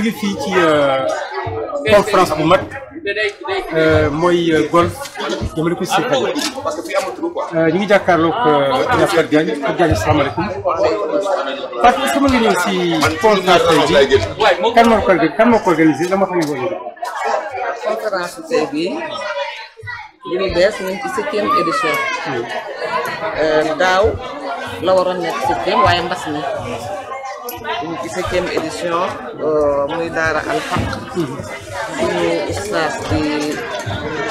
ñu ngi fii ci conférence euh, bu mag euh, mooy euh, golf jëmale ko si xel ñu ngi jàkkaarloog Alioune Fatou Diagne Fatou Diagne asalaamaaleykum Fatou est-ce que mën nga ñëw si conférence bi kan moo ko kan moo dama xam ne boo ñëwee. conférence tey bii daaw la waroon nekk septième waaye mbas mi. ñu ci septième édition euh, muy daara alxaq suñu ustaas di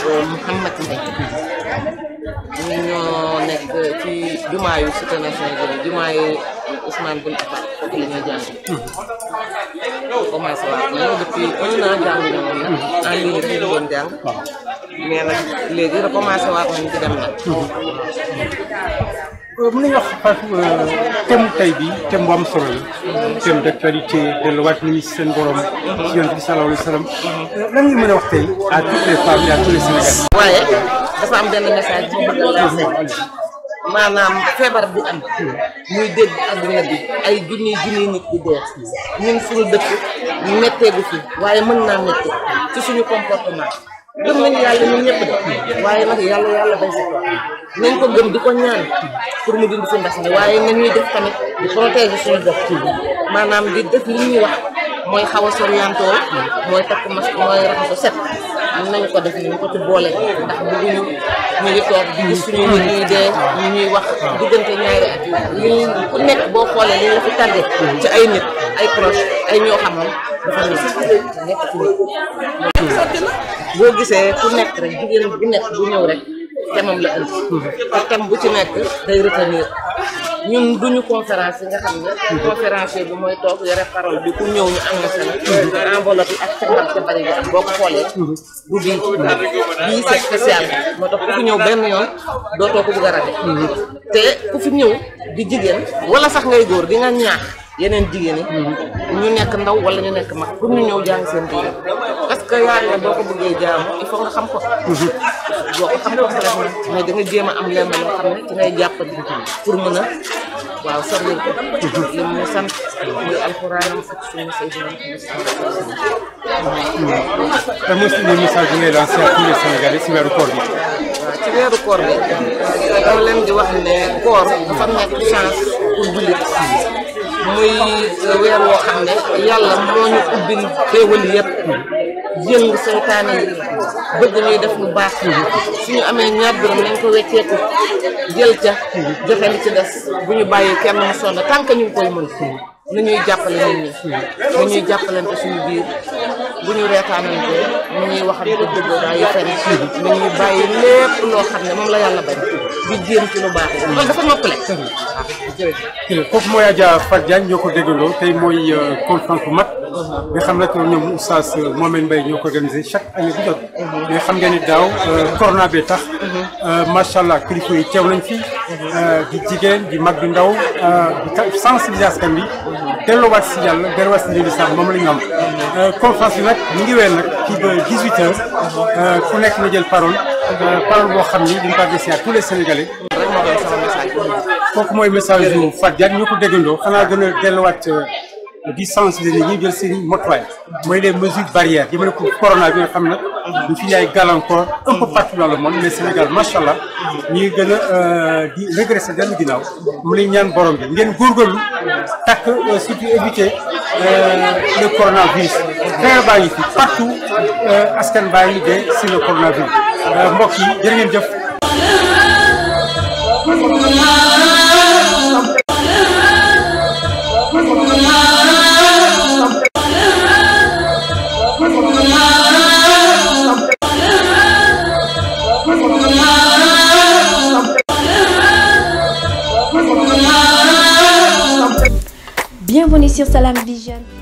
euh, Mouhamad Mbaye ñu ñoo nekk ci jumaa yu cité nationale jumaa yu Ousmane Bun Affan foofu la ñuy jàng commencé waat ñoo jàng na moom nag en ligne rek la doon jàng nag léegi recommencé waat nañ ci dem nag Euh, mën nañu wax euh, thème tey bi thème bu am solo la. thème d' actualité delluwaat nit ñi seen borom. ci yonent bi sallallahu wa sallam. Euh, lan nga a wax tey waaye dafa am benn message a maanaam feebar bu am. muy dégg adduna bi ay junniy junniy nit di dee. ñun suñu dëkk méttee gu waaye mën naa méttee ci suñu comportement. gëm nañu yàlla ñun ñëpp de waaye nag yàlla yàlla bay si nañ ko gëm di ko ñaan pour mu dindi si mbas mi waaye na ñuy def tamit di protéger suñu bopp maanaam di def li ñuy wax mooy xaw a soriantoo mooy takk masque mooy raxasu set mën nañ ko def ñu ko ci boole ndax bëgguñu ñu ngi toog di gis suñu nit ñuy dee ñu ñuy wax diggante ñaari at li ku nekk boo xoolee li la fi ci ay nit ay proche ay ñoo xamoon dafa nekk boo gisee fu nekk rek jigéen bu nekk bu ñëw rek temam la indi te tem bu ci nekk day retenir ñun duñu conférence yi nga xam ne conférence bu mooy toog yore parole bi ku ñëw ñu annoncé la mhm. enveloppe yi ak caxar cabari bi ak boo ko xoolee mhm. du bii bii c'est spécial moo tax ku fi ñëw benn yoon doo ko bëgg a rate mhm. te ku fi ñëw di jigéen wala sax ngay góor di nga ñaax yeneen jigéen yi ñu nekk ndaw wala ñu nekk mag pour ñu ñëw jàng seen jigéen que yàlla boo ko bëggee jaamu il faut nga xam ko. boo ko mais da nga jéem a am lenn xam ne ci ngay jàppandi pour mën a waaw sori ko. li mu sant muy alxuraanam ak suñu Seydina Muhammad. mooy suñu message bi koor bi. waaw ci weeru koor bi. dama leen di wax ne koor dafa nekk chance pour jullit. muy weer woo xam ne yàlla moo ñu ubbil xéewal yëpp jëng seytaane bëgg ñuy def lu baax yi suñu amee ñaar dërëm nañ ko wecceeku jël ca joxe li ci des bu ñu bàyyi kenn mu sonn tant que ñu ngi koy mën na ñuy jàppale nit ñi na ñuy jàppalante suñu biir bu ñuy waxante dëgg waaye fen na ñuy bàyyi lépp loo xam ne moom la yàlla bañ di jéem ci lu baax loolu dafa noppale. jërëjëf kooku mooy Adja Fatou Diagne ñoo ko déggandoo tey mooy euh, conférence bu mag. nga xam nag ñoom oustaz Mohamed Mbaye ñoo ko organisé chaque année bu jot. mais xam ngeen ni daaw euh, corona bi tax. Euh, macha allah kilifa yi teew nañ fi. di jigéen di mag di ndaw di sensibilisation bi. delluwaat si yàlla delluwaat si lislaam moom la am. conférence bi nag ñu ngi weer nag ku nekk na jël parole. Euh, parole boo xam ni dañ ta adressé à tous les sénégalais. rek moo doon sama message mooy message bu Fatou Diagne ñoo ko déggandoo xanaa gën a delluwaat euh, di sensibiliser nit ñi jël seen i motuwaay. mooy les mesures de jëmale ko corona bi nga xam nag. daf fi ay gàllankoor un peu partout dans le Sénégal macha allah ñuy euh, di régressé dellu ginnaaw mu lay ñaan borom bi ngeen góorgóorlu takk euh, surtout éviter euh, le coronavirus. feebar baa ngi fi partout askan baa ngi dee si le coronavirus mbokk yi jërë ngeen jëf. Bienvenue sur di Vision.